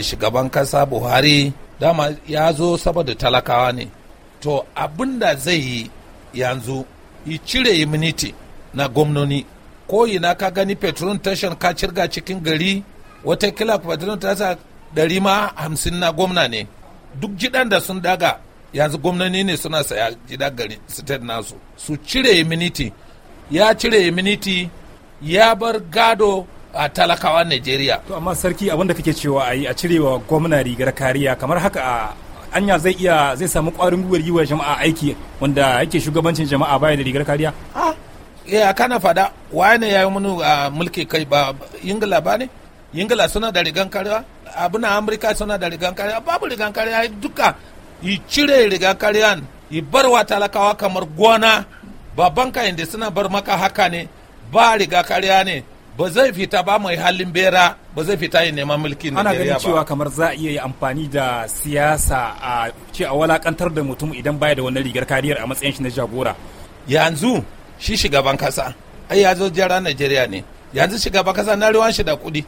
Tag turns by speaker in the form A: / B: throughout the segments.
A: shugaban kasa buhari dama ya zo saboda talakawa ne to abin da zai yi yanzu yi cire immunity na gwamnoni ko ina ka gani petron tashan ka cirga cikin gari watakila patron ta ɗari ma hamsin na gwamna ne duk jidan da sun daga yanzu gwamnoni ne suna saya jida gari state nasu su cire miniti. ya cire miniti. ya bar gado a talakawa Najeriya. To amma sarki abin da kake cewa a yi a cirewa gwamna rigar kariya kamar haka a anya zai iya zai samu kwarin gwiwar yi wa jama'a aiki wanda yake shugabancin jama'a baya da rigar kariya. Ah, ya eh, kana fada ne ya yi munu a mulki kai ba Ingila ba ne? Ingila suna da rigar kariya? na Amurka suna da rigar kariya? Babu rigar kariya duka. Yi cire rigan kariyan, yi barwa talakawa kamar gona. kayan da suna bar maka haka ne, ba riga kariya ne, ba zai fita ba mai halin bera ba zai fita ya neman mulkin Najeriya ba. Ana ganin cewa kamar za a iya yi amfani da siyasa a ce a walakantar da mutum idan baya da wannan rigar kariyar a matsayin shi na jagora. Yanzu shi shugaban kasa ai ya zo jara Najeriya ne yanzu shugaban kasa na ruwan shi da kuɗi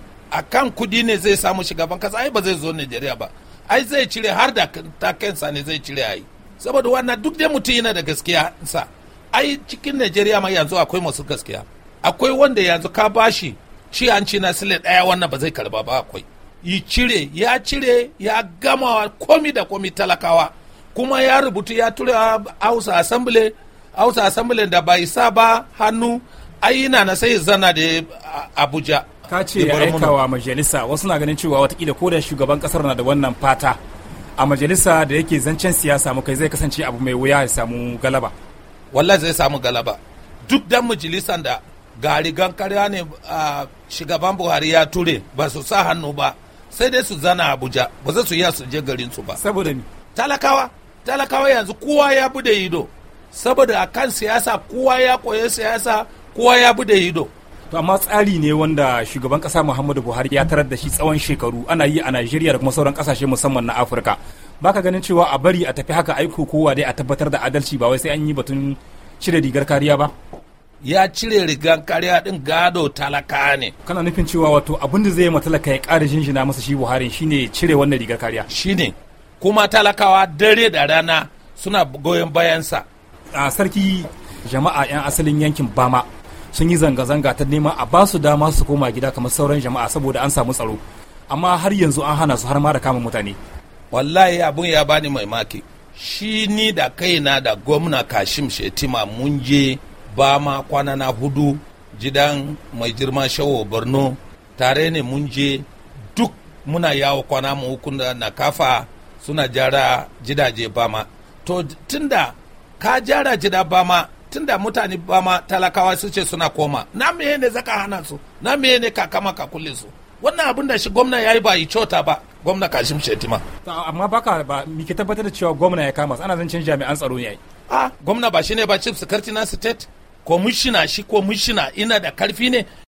A: kan kuɗi ne zai samu shugaban kasa ai ba zai zo Najeriya ba ai zai cire har da takensa ne zai cire ai saboda wannan duk dai mutum yana da gaskiya sa ai cikin Najeriya ma yanzu akwai masu gaskiya akwai wanda yanzu ka bashi shi an ci na sile daya wannan ba zai karba ba akwai yi cire ya cire ya gama komi da komi talakawa kuma ya rubutu ya tura hausa assembly hausa assembly da bai sa ba hannu ayyana na sai zana da abuja ka ce ya aika wa majalisa wasu na ganin cewa watakila ko da shugaban kasar na da wannan fata a majalisa da yake zancen siyasa kai zai kasance abu mai wuya ya samu galaba wallahi zai samu galaba duk dan majalisan da ga rigan karya ne a shugaban buhari ya ture ba su sa hannu ba sai dai su zana abuja ba za su iya su je garin ba saboda ni talakawa talakawa yanzu kowa ya bude ido saboda a kan siyasa kowa ya koyi siyasa kowa ya bude ido to amma tsari ne wanda shugaban kasa muhammadu buhari ya tarar da shi tsawon shekaru ana yi a najeriya da kuma sauran kasashe musamman na afirka baka ganin cewa a bari a tafi haka aiko kowa dai a tabbatar da adalci ba wai sai an yi batun cire rigar kariya ba ya cire rigan kariya din gado talaka ne kana nufin cewa wato abin da zai ma matalaka ya ƙara jinjina masa shi buhari shine cire wannan rigar karya shine kuma talakawa dare da rana suna goyon bayansa a sarki jama'a 'yan asalin yankin bama sun yi zanga-zanga ta nema a ba su dama su koma gida kamar sauran jama'a saboda an samu tsaro amma har yanzu an hana su har ma da kama mutane wallahi abun ya bani mai maki. shi ni da kaina da gwamna kashim shetima mun je ba ma kwana na hudu jidan mai girma shawo borno tare ne mun je duk muna yawo kwana mu hukun da na kafa suna jara jidaje ma. to tunda ka jara jida ma tunda mutane ba ma talakawa su ce suna koma na meye ne zaka hana su na meye ne ka kama ka kulle su wannan abin da shi gwamna ya yi ba yi cota ba gwamna kashim shetima amma baka ba mi ke tabbatar da cewa gwamna ya kama ana zancen jami'an tsaro ne a ah, gwamna ba shine ba chief secretary na state komishina shi komishina ina da karfi ne